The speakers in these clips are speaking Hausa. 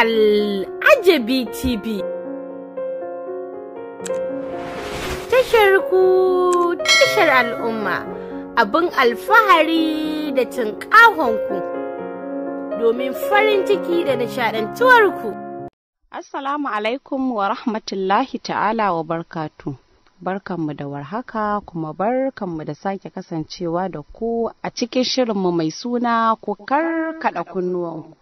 Al'ajabi TV. Tashar ku tashar al'umma abin alfahari da ku domin farin ciki da nishaɗantuwarku. Assalamu alaikum wa rahmatullahi ta'ala wa barkatu. Barkanmu da warhaka kuma barkanmu da sake kasancewa da ku a cikin shirinmu mai suna ku karkaɗa kunnuwanku.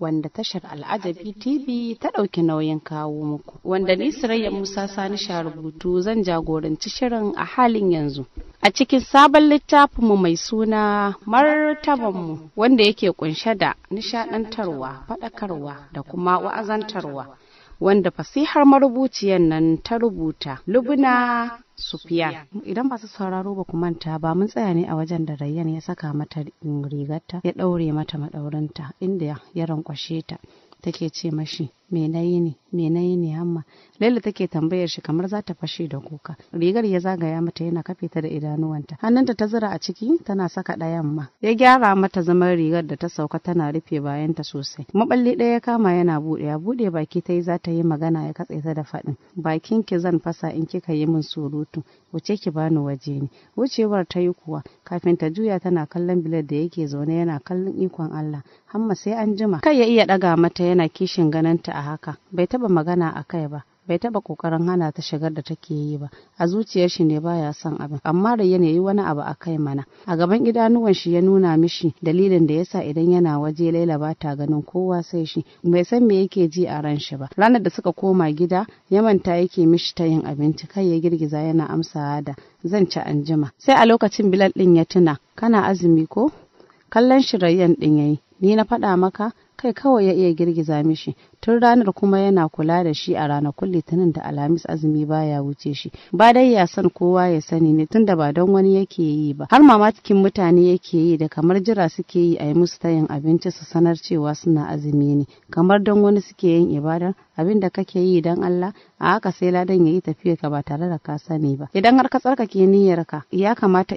wanda tashar al'ajabi tv ta ɗauki nauyin kawo muku wanda ni sirayya musa sani sha rubutu zan jagoranci shirin a halin yanzu a cikin sabon littafinmu mai suna martabanmu wanda yake kunshe da nishaɗantarwa, faɗakarwa da kuma wa'azantarwa wanda fasihar marubuciyar nan ta rubuta Lubuna Sufiya. Idan ba sauraro ba ku manta ba mun tsaya ne a wajen da Rayyan ya saka mata rigarta ya ɗaure mata maɗaurinta inda ya rankwashe ta take ce mashi me yi ne me yi ne hamma laila take tambayar shi kamar za ta fashe da kuka rigar ya zagaya mata yana kafe ta da idanuwanta hannunta ta zura a ciki tana saka ɗayan ma ya gyara mata zaman rigar da ta sauka tana rufe bayanta sosai maballi ɗaya ya kama yana ya buɗe baki ta yi za ta yi magana ya katse ta da faɗin bakin ki zan fasa in kika yi min surutu wuce ki bani waje ne wucewar ta yi kuwa kafin ta juya tana kallon bilal da yake zaune yana kallon ikon Allah hamma sai an jima kai ya iya ɗaga mata yana kishin ganin ta a haka bai taba magana a kai ba bai taba kokarin hana ta shigar da take yi ba a zuciyar shi ne baya son abin amma da yana yi wani abu a kai mana a gaban idanuwan shi ya nuna mishi dalilin da yasa idan yana waje Laila ba ta ganin kowa sai shi bai san me yake ji a ran shi ba ranar da suka koma gida ya manta yake mishi ta yin abinci kai ya girgiza yana amsa da zan ci anjima sai a lokacin Bilal din ya tuna kana azumi ko kallon shi din yayi ni na faɗa maka kai kawai ya iya girgiza mishi tun ranar kuma yana kula da shi a ranakun litinin da alhamis azumi baya wuce shi ba dai ya san kowa ya sani ne tunda ba don wani yake yi ba har mama cikin mutane yake yi da kamar jira suke yi a yi musu tayin abinci su sanar cewa suna azumi ne kamar don wani suke yin ibadar abin da kake yi don Allah a haka sai ladan ya yi tafiyar ka ba tare da ka sani ba idan har ka tsarkake niyyar ka ya kamata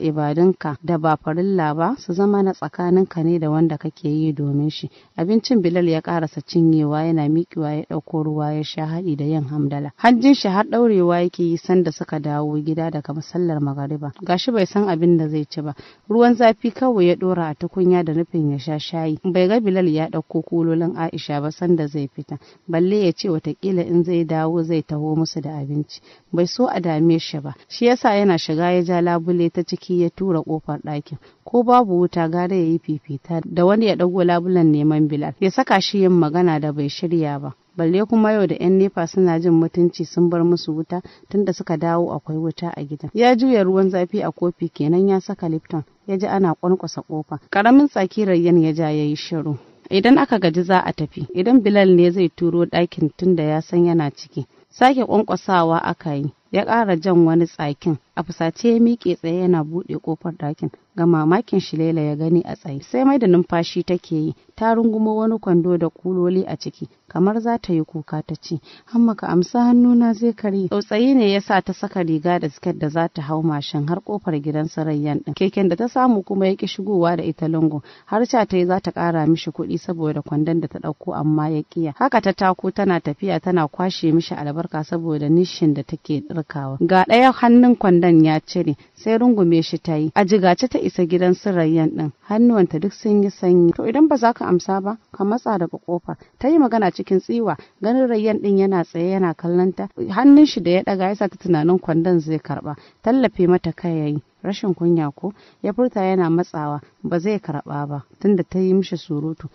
ka da ba farilla ba su zama na tsakaninka ne da wanda kake yi domin shi abincin bilal ya karasa cinyewa yana miƙewa ya ɗauko ruwa ya sha haɗi da yin hamdala Hajjin shi har ɗaurewa yake yi sanda suka dawo gida daga masallar magariba Ga shi bai san abin da zai ci ba ruwan zafi kawai ya ɗora a tukunya da nufin ya sha shayi bai ga bilal ya ɗauko kulolin aisha ba sanda zai fita balle ya ce watakila in zai dawo zai taho musu da abinci bai so a dame shi ba shi yasa yana shiga ya ja labule ta ciki ya tura kofar ɗakin ko babu wuta gara ya yi fifita da wani ya ɗago labulen neman bilal ya saka shi yin magana da bai shirya karya ba balle kuma yau da yan nefa suna jin mutunci sun bar musu wuta tunda suka dawo akwai wuta a gidan ya juya ruwan zafi a kofi kenan ya saka lipton ya ji ana kwankwasa ƙofa. Ƙaramin tsaki rayyan ya ja ya yi shiru idan aka gaji za a tafi idan bilal ne zai turo ɗakin tunda ya san yana ciki sake kwankwasawa aka yi ya ƙara jan wani tsakin a fusace ya miƙe tsaye yana buɗe ƙofar ɗakin ga mamakin shi ya gani a tsaye sai mai da numfashi take yi ta rungumo wani kwando da kuloli a ciki kamar za ta yi kuka ta ce amma ka amsa hannuna zai karye tsautsayi ne ya sa ta saka riga da siket da za ta hau mashin har kofar gidan sarayyan ɗin keken da ta samu kuma ya ki shigowa da ita lungu har sha ta yi za ta ƙara mishi kuɗi saboda kwandon da ta ɗauko amma ya ƙiya haka ta tako tana tafiya tana kwashe mishi albarka saboda nishin da take ɗirkawa ga ɗaya hannun kwandon sandan ya cire sai rungume shi ta yi a jigace ta isa gidan su rayyan din hannuwanta duk sun yi sanyi to idan ba za ka amsa ba ka matsa daga kofa. ta yi magana cikin tsiwa ganin rayyan din yana tsaye yana kallon hannun shi da ya daga ya sa ta tunanin kwandon zai karba tallafe mata kai yayi rashin kunya ko ya furta yana matsawa ba zai karɓa ba tunda ta yi mishi surutu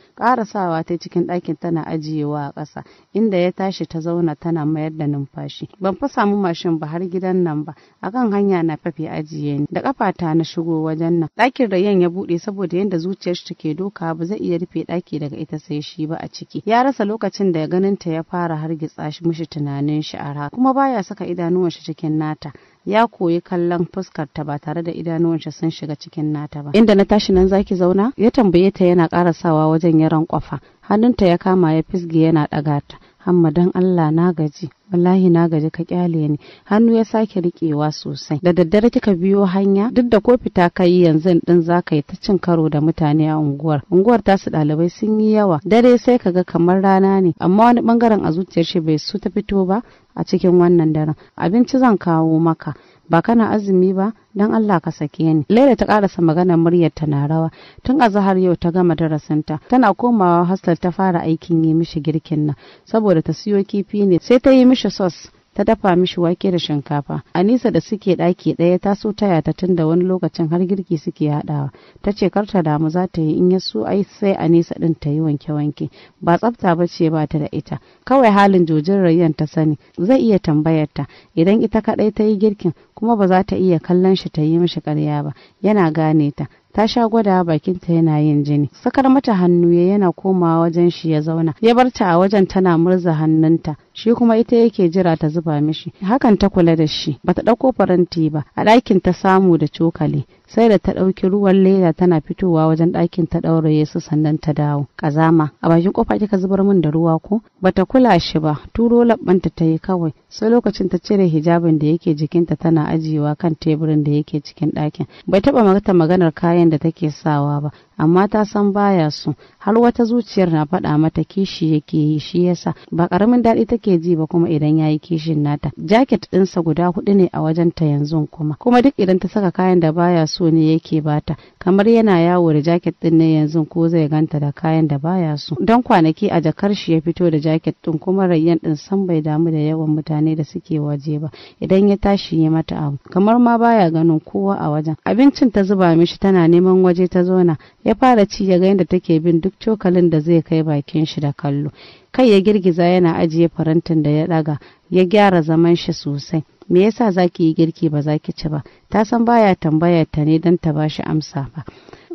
sawa ta cikin ɗakin tana ajiyewa a ƙasa inda ya tashi ta zauna tana mayar da numfashi ban fa samu mashin ba har gidan nan ba akan hanya na fafe aji ajiye ni da kafata na shigo wajen nan ɗakin rayan ya buɗe saboda yadda zuciyar take doka ba zai iya rufe ɗaki daga ita sai shi ba a ciki ya rasa lokacin da ganin ta ya fara hargitsa shi mishi tunanin shi a kuma baya saka idanuwan shi cikin nata ya koyi kallon fuskar ta ba tare da shi sun shiga cikin nata ba inda na tashi nan zaki zauna ya tambaye ta yana karasawa wajen yaran kwafa hannunta ya kama ya fisge yana ɗaga ta hamma don Allah na gaji wallahi na gaji ka kyale ni hannu ya sake riƙewa sosai da daddare kika biyo hanya duk da ko fita kai yanzu din za ka yi ta cin karo da mutane a unguwar unguwar tasu dalibai sun yi yawa dare sai ka ga kamar rana ne amma wani bangaren a zuciyar shi bai su ta fito ba a cikin wannan daren abinci zan kawo maka ba kana azumi ba don Allah ka sake ni Laila ta karasa magana muryar ta na rawa tun a zahar yau ta gama darasinta tana komawa Hassal ta fara aikin yi mishi girkin nan saboda ta siyo kifi ne sai ta yi mishi sos ta dafa mishi wake da shinkafa anisa da suke ɗaki ɗaya ta so taya ta tunda wani lokacin har girki suke haɗawa ta ce kar ta damu za ta yi in ya so ai sai a anisa ɗin ta yi wanke-wanke ba tsafta ba ce ba ta da ita kawai halin jojin rayyan ta sani zai iya tambayar ta idan ita kaɗai ta yi girkin kuma ba za ta iya kallon shi ta yi mishi karya ba yana gane ta ta sha gwada bakinta yana yin jini sakar mata hannu ya yana komawa wajen shi ya zauna ya bar ta a wajen tana murza hannunta shi kuma ita yake jira ta zuba mishi hakan ta kula da shi bata ɗauko faranti ba a ɗakin ta samu da cokali sai da ta ɗauki ruwan leda tana fitowa wajen ɗakin ta ɗauraye su sannan ta dawo ƙazama a bakin ƙofa kika zubar min da ruwa ko bata kula shi ba turo labbanta ta yi kawai sai lokacin ta cire hijabin da yake jikinta tana ajiyewa kan teburin da yake cikin ɗakin bai taɓa mata maganar kayan da take sawa ba amma ta san baya so har wata zuciyar na faɗa mata kishi yake yi shi yasa ba karamin daɗi take ji ba kuma idan ya yi kishin nata jaket ɗinsa guda hudu ne a wajen ta yanzu kuma kuma duk idan ta saka kayan da baya so ne yake bata kamar yana yawo da jaket ɗin ne yanzu ko zai ganta da kayan da baya so don kwanaki a jakar shi ya fito da jaket ɗin kuma rayyan ɗin san bai damu da yawan mutane da suke waje ba idan ya tashi ya mata abu kamar ma baya ganin kowa a wajen abincin ta zuba mishi tana neman waje ta zauna ya fara ci ya ga yadda take bin duk cokalin da zai kai bakin shi da kallo kai ya girgiza yana ajiye farantin da ya daga ya gyara zaman shi sosai me yasa zaki yi girki ba zaki ci ba ta san baya tambaya ta ne don ta bashi amsa ba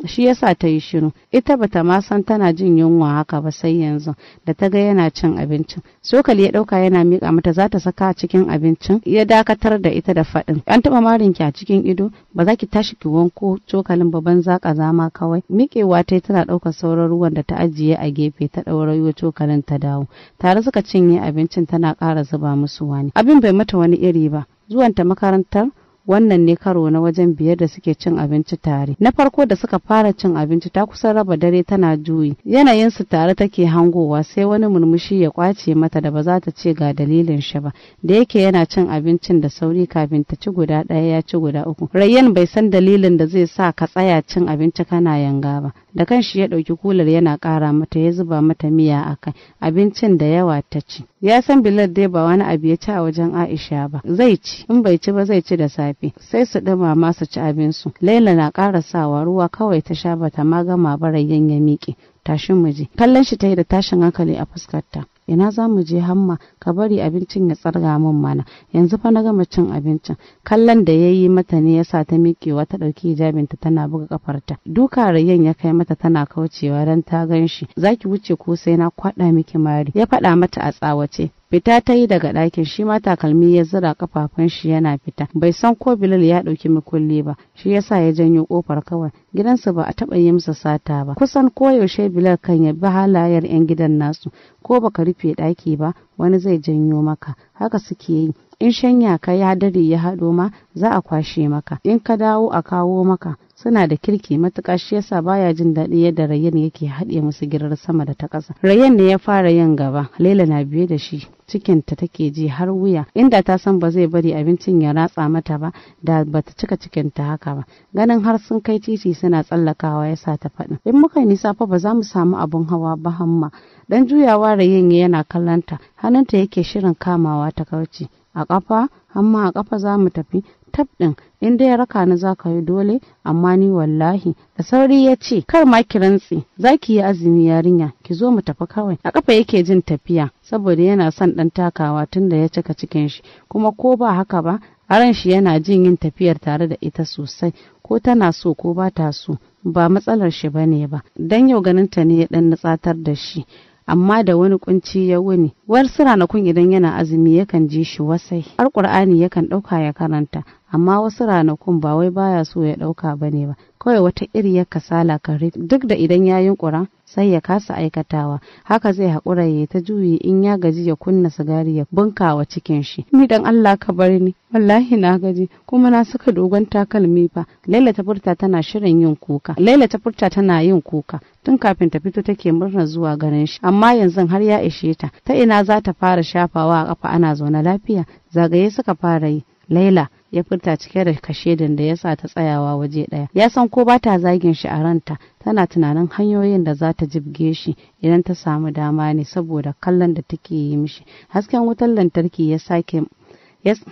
shi yasa ta yi shiru ita bata ma san tana jin yunwa haka ba sai yanzu da ta ga yana cin abincin sokali ya dauka yana mika mata za ta saka cikin abincin ya dakatar da ita da faɗin an taba marin ki a cikin ido ba za ki tashi ki wanko cokalin baban zaka zama kawai mikewa ta tana ɗaukar sauran ruwan da ta ajiye a gefe ta ɗaura yiwa cokalin ta dawo tare suka cinye abincin tana kara zuba musu wani abin bai mata wani iri ba zuwanta makarantar wannan ne karo na wajen biyar da suke cin abinci tare na farko da suka fara cin abinci ta kusan raba dare tana juyi yanayinsu tare take hangowa sai wani murmushi ya kwace mata da ba za ta ce ga dalilin shi ba da yake yana cin abincin da sauri kafin ta ci guda ɗaya ya ci guda uku rayyan bai san dalilin da zai sa ka tsaya cin abinci kana yanga ba da kanshi ya ɗauki kular yana ƙara mata ya zuba mata miya a kai abincin da yawa ta ci ya san bilal dai ba wani abu ya ci a wajen aisha ba zai ci in bai ci ba zai ci da safe sai su ɗuma masu ci abinsu laila na ƙara sawa ruwa kawai ta sha bata ma gama barayyan ya miƙe tashin miji kallon shi ta yi da tashin hankali a fuskarta ina za mu je hamma ka bari abincin ya tsarga min mana yanzu fa na gama cin abincin kallon da ya yi mata ne ya sa ta miƙewa ta ɗauki hijabinta tana buga kafarta duka rayyan ya kai mata tana kaucewa don ta gan shi za ki wuce ko sai na kwaɗa miki mari ya faɗa mata a tsawace fita ta yi daga ɗakin shi ma takalmi ya zira kafafun shi yana fita bai san ko bilal ya ɗauki mukulli ba shi yasa ya janyo kofar kawai gidansu ba a taɓa yi masa sata ba kusan ko yaushe bilal kan ya bi halayyar yan gidan nasu ko baka rufe ɗaki ba wani zai janyo maka haka suke yi in shanya ka ya dare ya haɗo ma za a kwashe maka in ka dawo a kawo maka suna da kirki matuƙa shi yasa baya jin daɗi yadda Rayyan yake haɗe musu girar sama da ta ƙasa. Rayyan ne ya fara yin gaba, Laila na biye da shi, cikinta take ji har wuya, inda ta san ba zai bari abincin ya ratsa mata ba, da bata cika cikinta haka ba. Ganin har sun kai titi suna tsallakawa yasa ta faɗi. In muka yi nisa fa ba za mu samu abun hawa ba hamma. Dan juyawa Rayyan yana kallonta, hannunta yake shirin kamawa ta kauce. a ƙafa amma a ƙafa za mu tafi tab ɗin in dai raka ni za ka yi dole amma ni wallahi da sauri ya ce kar ma ki rantse za ki yi azumi yarinya ki zo mu tafi kawai a ƙafa yake jin tafiya saboda yana son ɗan takawa tun da ya cika cikin shi kuma ko ba haka ba a shi yana jin yin tafiyar tare da ita sosai ko tana so ko ba ta so ba matsalar shi bane ba dan yau ganin ta ne ya ɗan nutsatar da shi amma da wani kunci ya wuni wasu ranakun idan yana azumi yakan ji shi wasai har qur'ani yakan dauka ya karanta amma wasu ranakun ba wai baya so ya dauka bane ba kawai wata iri ya kasala kan duk da idan ya yunkura sai ya kasa aikatawa haka zai haƙura ya ta juyi in ya gaji ya kunna sigari ya bunkawa cikin shi ni dan Allah ka bar ni wallahi na gaji kuma na saka dogon takalmi fa Laila ta furta tana shirin yin kuka Laila ta furta tana yin kuka tun kafin ta fito take murna zuwa garin shi amma yanzu har ya ishe ta ta ina za ta fara shafawa a kafa ana zaune lafiya zagaye suka fara yi Laila ya furta cike da kashedin da ya sa ta tsayawa waje ɗaya ya san ko ba ta zagin shi a ranta tana tunanin hanyoyin da za ta jibge shi idan ta samu dama ne saboda kallon da take yi mishi hasken wutar lantarki ya sake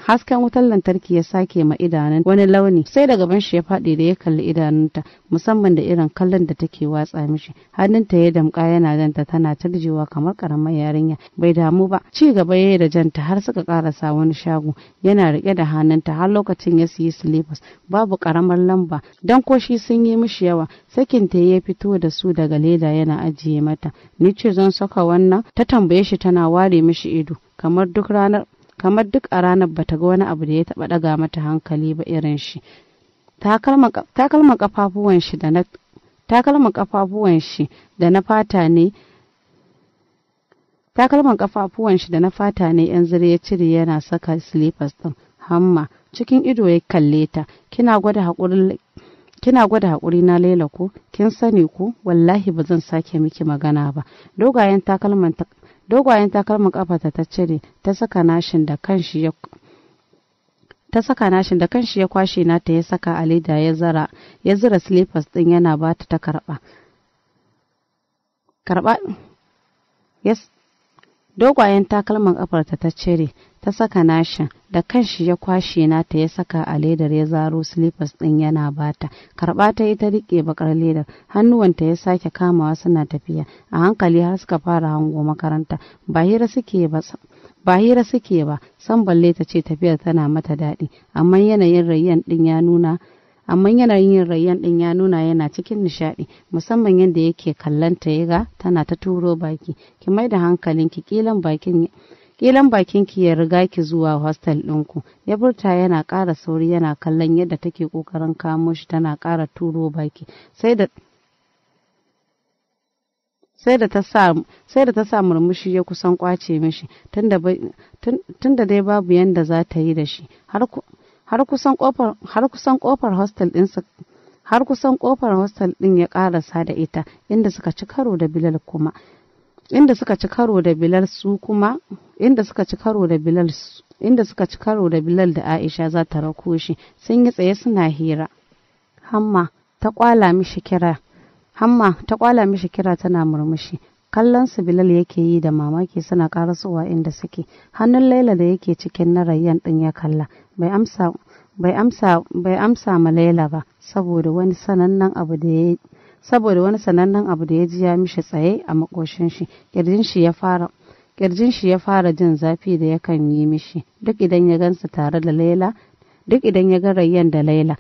hasken wutar lantarki ya sake ma idanun wani launi sai da gaban shi ya faɗi da ya kalli idanunta musamman da irin kallon da take watsa mishi hannunta ya damƙa yana janta tana tarjewa kamar karamar yarinya bai damu ba ci gaba yayi da janta har suka karasa wani shago yana riƙe da hannunta har lokacin ya siyi silifas babu karamar lamba dan koshi sun yi mishi yawa sakinta ya fito da su daga leda yana ajiye mata ni ce zan saka wannan ta tambaye shi tana ware mishi ido kamar duk ranar kamar duk a ranar bata ga wani abu da ya taɓa ɗaga mata hankali ba irin shi takalman kafafuwan shi da na fata ne takalman kafafuwan shi da na fata ne yan zire ya cire yana saka slippers din hamma cikin ido ya kalle ta kina gwada hakurin kina gwada haƙuri na laila ko kin sani ko wallahi ba zan sake miki magana ba dogayen takalman dogwayen takalmin kafata ta cire ta saka nashin da kanshi ya ta saka nashin da kanshi ya kwashe ta ya saka a leda ya zara ya zira slippers din yana ba ta ta karba karba yes Dogwayen takalman ƙafarta ta cire, ta saka nashin, da kanshi ya kwashe na ta ya saka a ledar ya zaro silifas ɗin yana bata. Karɓa ta ita riƙe bakar ledar, hannuwanta ya sake kamawa suna tafiya, a hankali har suka fara hango makaranta, ba hira suke ba ba suke ba san balle ta ce tafiyar tana mata daɗi amma yanayin rayyan ɗin ya nuna amma yanayin rayyan din ya nuna yana cikin nishaɗi musamman yadda yake kallon ta ga tana ta turo baki ki mai da hankalinki kilan bakin kilan bakin ki ya riga ki zuwa hostel ɗinku ya furta yana ƙara sauri yana kallon yadda take ƙoƙarin kamo shi tana ƙara turo baki sai da sai da ta sa murmushi ya kusan kwace mishi tunda dai babu yadda za ta yi da shi har har kusan kofar har kusan kofar hostel ɗinsa har kusan kofar hostel ɗin ya karasa da ita inda suka ci karo da bilal kuma inda suka ci karo da bilal su kuma inda suka ci karo da bilal inda suka ci karo da bilal da aisha za ta rako shi sun yi tsaye suna hira hamma ta kwala mishi kira hamma ta kwala mishi kira tana murmushi kallon su bilal yake yi da mamaki suna karasowa inda suke hannun laila da yake cikin na rayyan din ya kalla bai amsa ma laila ba saboda wani sanannen abu da ya saboda wani sanannen abu da ya ji ya mishi tsaye a makoshin shi kirjin shi ya fara kirjin shi ya fara jin zafi da yakan yi mishi duk idan ya gansa tare da laila duk idan ya ga rayyan da laila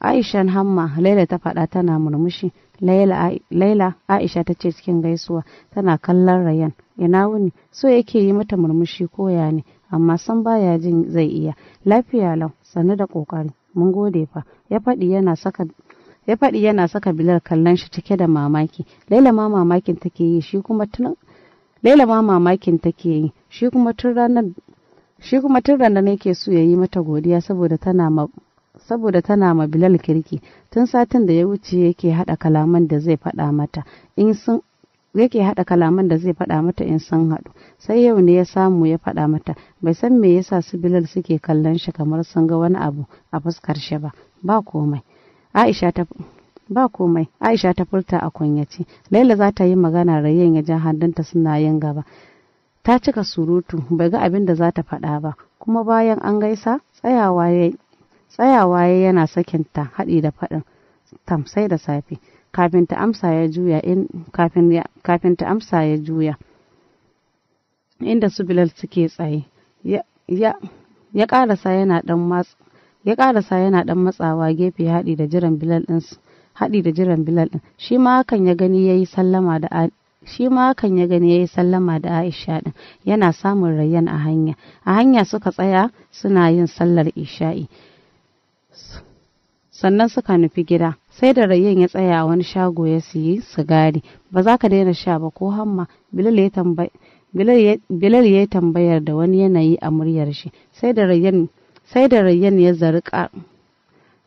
aishan hamma laila ta faɗa tana murmushi laila aisha ta ce cikin gaisuwa tana kallon Rayyan. ina wuni so yake yi mata murmushi koya ne amma san baya jin zai iya lafiya lau sannu da ƙoƙari, mun gode fa ya faɗi yana saka ya faɗi yana saka bilal kallon shi cike da mamaki laila ma mamakin take yi shi kuma tun laila ma mamakin take yi shi kuma tun ranar shi kuma tun da ne ke so ya yi mata godiya saboda tana ma saboda tana ma Bilal kirki tun satin da ya wuce yake hada kalaman da zai faɗa mata in sun yake haɗa kalaman da zai faɗa mata in sun haɗu sai yau ne ya samu ya faɗa mata bai san me yasa su bilal suke kallon shi kamar sun ga wani abu a fuskar shi ba ba komai aisha ta ba komai aisha ta furta a kunyaci, laila za ta yi magana rayyan ya ja hannunta suna yin gaba ta cika surutu bai ga abin da za ta faɗa ba kuma bayan an gaisa tsayawa ya tsayawa ya yana sakinta haɗi da faɗin tamsai da safe kafin ta amsa ya juya inda su bilal suke tsaye ya ƙarasa yana ɗan matsawa gefe haɗi da jiran bilal ɗin haɗi da jiran bilal ɗin shi ma hakan ya gani ya yi sallama da shi ma hakan ya gani ya yi sallama da aisha din yana samun rayyan a hanya a hanya suka tsaya suna yin sallar isha'i sannan suka nufi gida sai da rayyan ya tsaya a wani shago ya siyi sigari ba za ka daina sha ba ko hamma bilal ya tambayar da wani yanayi a muryar shi, sai da Rayyan ya zarka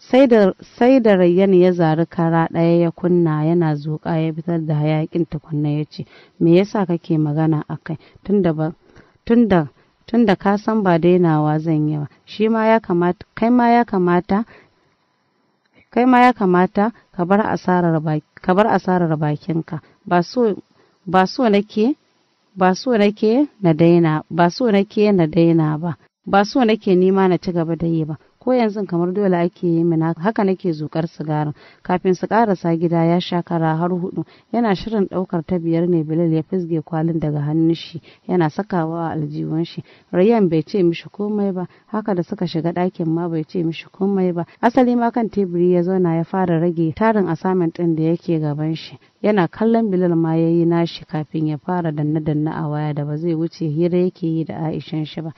sai da rayyan ya zari kara ɗaya ya kunna yana zuƙa ya fitar da hayakin tukunna ya ce me yasa kake magana akai kai ba da tunda ka san ba dainawa zan yi ba shi ma ya kamata kai ma ya kamata kai ma ya kamata ka bar asarar bakinka ba so ba so nake ba so nake na daina ba so na daina ba ba so nake nima na ci gaba da yi ba ko yanzu kamar dole ake yi mina haka nake zukar sigarin kafin su karasa gida ya sha kara har hudu yana shirin daukar ta biyar ne bilal ya fisge kwalin daga hannun shi yana sakawa a aljihun shi rayyan bai ce mishi komai ba haka da suka shiga ɗakin ma bai ce mishi komai ba asali ma kan teburi ya zauna ya fara rage tarin assignment din da yake gaban shi yana kallon bilal ma ya yi nashi kafin ya fara danna-danna a waya da ba zai wuce hira yake yi da aishan shi ba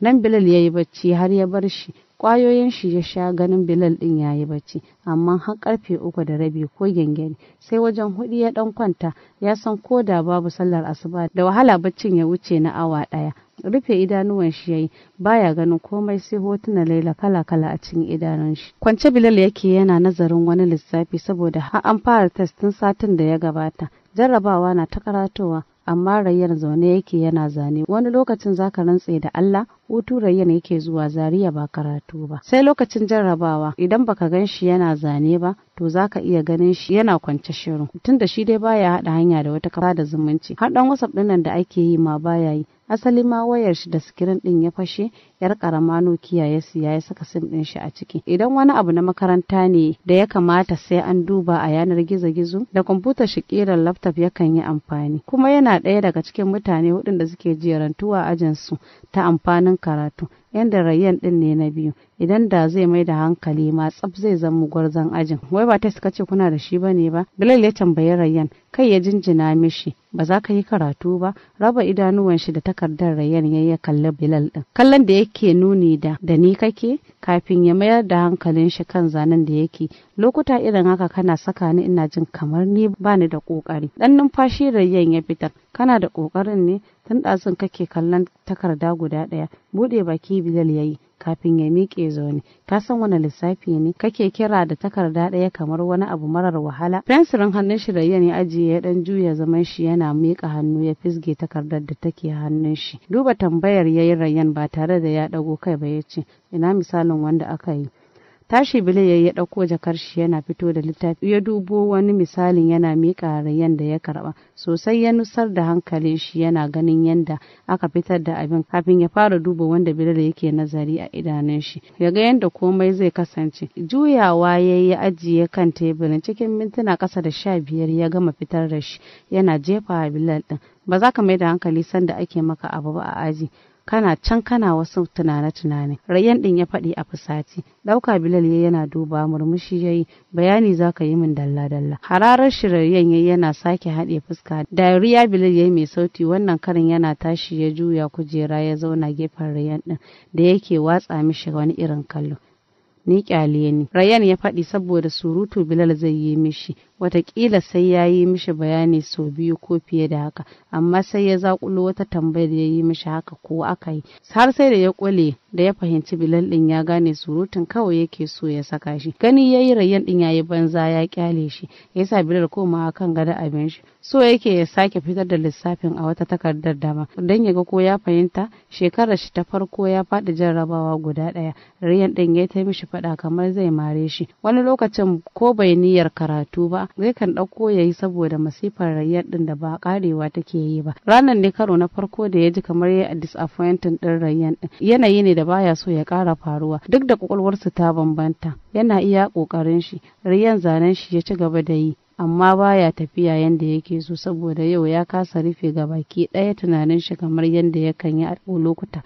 nan bilal ya yi bacci har ya bar shi kwayoyin shi ya sha ganin bilal din ya yi bacci amma har karfe uku da rabi ko gyangyaɗi sai wajen hudu ya ɗan kwanta ya san ko da babu sallar asuba da wahala baccin ya wuce na awa ɗaya. rufe idanuwan shi yayi baya ganin komai sai hotunan laila kala kala a cikin idanun shi kwance bilal yake yana nazarin wani lissafi saboda har an fara testin satin da ya gabata jarrabawa na ta karatowa amma rayyar zaune yake yana zane wani lokacin zaka rantse da Allah hutu rayyar yake zuwa Zariya ba karatu ba sai lokacin jarrabawa idan baka gan shi yana zane ba to zaka iya ganin shi yana kwance shiru tunda shi dai baya hada hanya da wata kafa da zumunci har dan wasap dinnan da ake yi ma baya yi asali ma wayar shi da sikirin din ya fashe yar karama nokiya ya siya ya saka sim din shi a ciki idan wani abu na makaranta ne da ya kamata sai an duba a yanar gizo-gizo da kwamfutar shi kiran laptop yakan yi amfani kuma yana ɗaya daga cikin mutane hudun da suke jerantuwa ajinsu ta amfanin karatu yanda rayyan din ne na biyu idan da zai mai da hankali ma tsaf zai zama gwarzon ajin wai ba ta suka ce kuna da shi bane ba bilal ya tambayi rayyan kai ya jinjina mishi ba za ka yi karatu ba raba idanuwan shi da takardar rayyan ya yi kalli bilal din kallon da yake nuni da da ni kake kafin ya mayar da hankalin shi kan zanen da yake lokuta irin haka kana saka ni ina jin kamar ni bani da kokari dan numfashi rayyan ya fitar kana da kokarin ne tun ɗazun kake kallon takarda guda ɗaya buɗe baki bilal yayi kafin ya miƙe zaune ka san wani lissafi ne kake kira da takarda ɗaya kamar wani abu marar wahala fensirin hannun shi da ne ajiye ya dan juya zaman shi yana miƙa hannu ya fisge takardar da take hannun shi duba tambayar yayin rayyan ba tare da ya ɗago kai ba ya ce ina misalin wanda aka yi tashi bile ya ya ɗauko jakar shi yana fito da littafi ya dubo wani misalin yana miƙa rayan da ya karɓa sosai ya nusar da hankalin shi yana ganin yadda aka fitar da abin kafin ya fara duba wanda bilal yake nazari a idanun shi ya ga yadda komai zai kasance juyawa ya yi ajiye kan teburin cikin mintuna ƙasa da sha biyar ya gama fitar da shi yana jefa bilal ɗin ba za ka mai da hankali sanda ake maka abu ba a aji kana can kana wasu tunane-tunane rayyan din ya faɗi a fusati ɗauka bilal ya yana duba murmushi ya yi bayani za ka yi min dalla-dalla hararar shiraryen ya yana sake haɗe fuska dariya bilal ya yi mai sauti wannan karin yana tashi ya juya kujera ya zauna gefen rayyan din da yake watsa mishi wani irin kallo ni kyaliye ni rayan ya faɗi saboda surutu bilal zai yi mishi watakila sai ya yi mishi bayani sau biyu ko fiye da haka amma sai ya zakulo wata tambayar da ya yi mishi haka ko aka yi har sai da ya kwale da ya fahimci bilal din ya gane surutun kawai yake so ya saka shi gani ya yi rayyan din ya yi banza ya kyale shi ya sa bilal komawa kan gada abin shi so yake ya sake fitar da lissafin a wata takardar dama don ya ga ko ya fahimta shekarar shi ta farko ya faɗi jarrabawa guda ɗaya rayyan din ya ta mishi faɗa kamar zai mare shi wani lokacin ko bai niyyar karatu ba zai kan ɗauko ya yi saboda masifar rayyar ɗin da ba ƙarewa take yi ba ranar ne karo na farko da ya ji kamar ya disappointing ɗin rayyan ɗin yanayi ne da baya so ya ƙara faruwa duk da ƙwaƙwalwarsa ta bambanta yana iya ƙoƙarin shi rayyan zanen shi ya ci gaba da yi amma baya tafiya yadda yake so saboda yau ya kasa rufe ga baki ɗaya tunanin shi kamar yadda yakan yi a lokuta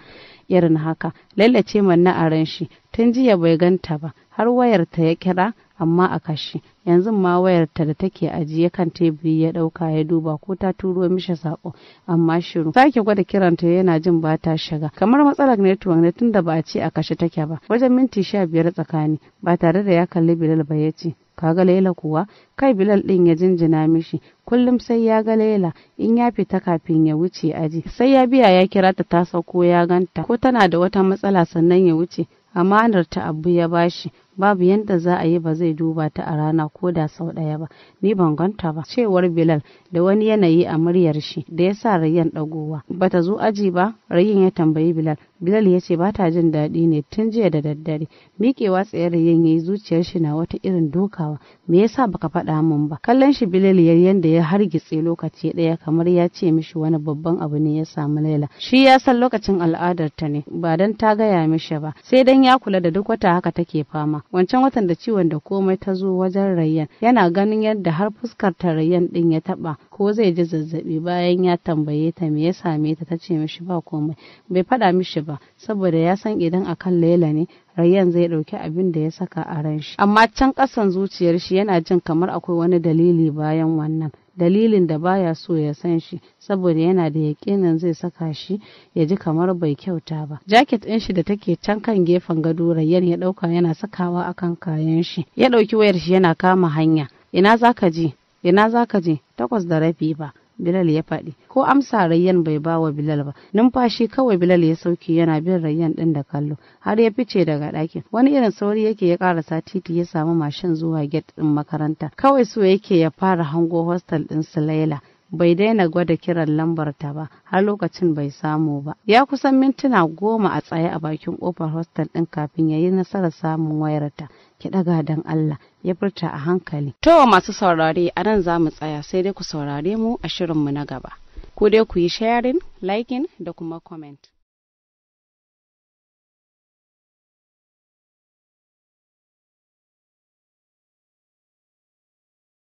irin haka lallace manna a ran shi tun jiya bai ganta ba har wayarta ya kira amma a kashe yanzu ma wayarta da take ajiye kan teburi ya dauka ya duba ko ta turo mishi sako amma shiru sake gwada kiranta yana jin ba ta shiga kamar matsalar network ne tunda ba a ce a kashe take ba wajen minti sha biyar tsakani ba tare da ya kalli bilal ba ya ce kaga laila kuwa kai bilal din ya jinjina mishi kullum sai ya ga laila in ya fita kafin ya wuce aji sai ya biya ya kira ta ta sauko ya ganta ko tana da wata matsala sannan ya wuce amanar ta abu ya bashi babu yadda za a yi ba zai duba ta a rana ko da sau ɗaya ba ni ban ganta ba cewar bilal da wani yanayi a muryar shi da ya sa rayyan ɗagowa bata zo aji ba rayyan ya tambayi bilal bilal ya ce ba ta jin daɗi ne tun jiya da daddare miƙewa tsaye rayyan ya yi zuciyar shi na wata irin dokawa me yasa baka faɗa min ba kallon shi bilal ya yanda ya hargitse lokaci ɗaya kamar ya ce mishi wani babban abu ne ya samu laila shi ya san lokacin al'adar ta ne ba don ta gaya mishi ba sai dan ya kula da duk wata haka take fama wancan watan da ciwon da komai ta zo wajen rayyan yana ganin yadda har fuskar ta rayyan din ya taba ko zai ji zazzabi bayan ya tambaye ta me ya same ta ta ce mishi ba komai bai faɗa mishi ba saboda ya san idan akan Laila ne Rayyan zai ɗauki abin da ya saka a ran shi amma can ƙasan zuciyar shi yana jin kamar akwai wani dalili bayan wannan dalilin da baya so ya san shi saboda yana da yaƙinin zai saka shi ya ji kamar bai kyauta ba jaket ɗin shi da take can kan gefen gado rayyan ya ɗauka yana sakawa akan kayan shi ya ɗauki wayar shi yana kama hanya ina zaka je ina zaka je takwas da rabi ba Bilal ya faɗi ko amsa Rayyan bai ba wa Bilal ba numfashi kawai Bilal ya sauke yana bin Rayyan ɗin da kallo har ya fice daga ɗakin wani irin sauri yake ya karasa titi ya samu mashin zuwa gate ɗin makaranta kawai so yake ya fara hango hostel ɗin su Laila bai daina gwada kiran lambarta ba har lokacin bai samu ba ya kusan mintuna goma a tsaye a bakin kofar hostel ɗin kafin ya yi nasarar samun wayarta ki ɗaga don Allah ya furta a hankali. To masu saurare a nan za mu tsaya sai dai ku saurare mu a shirinmu na gaba. Ku dai ku yi sharing, liking da kuma comment.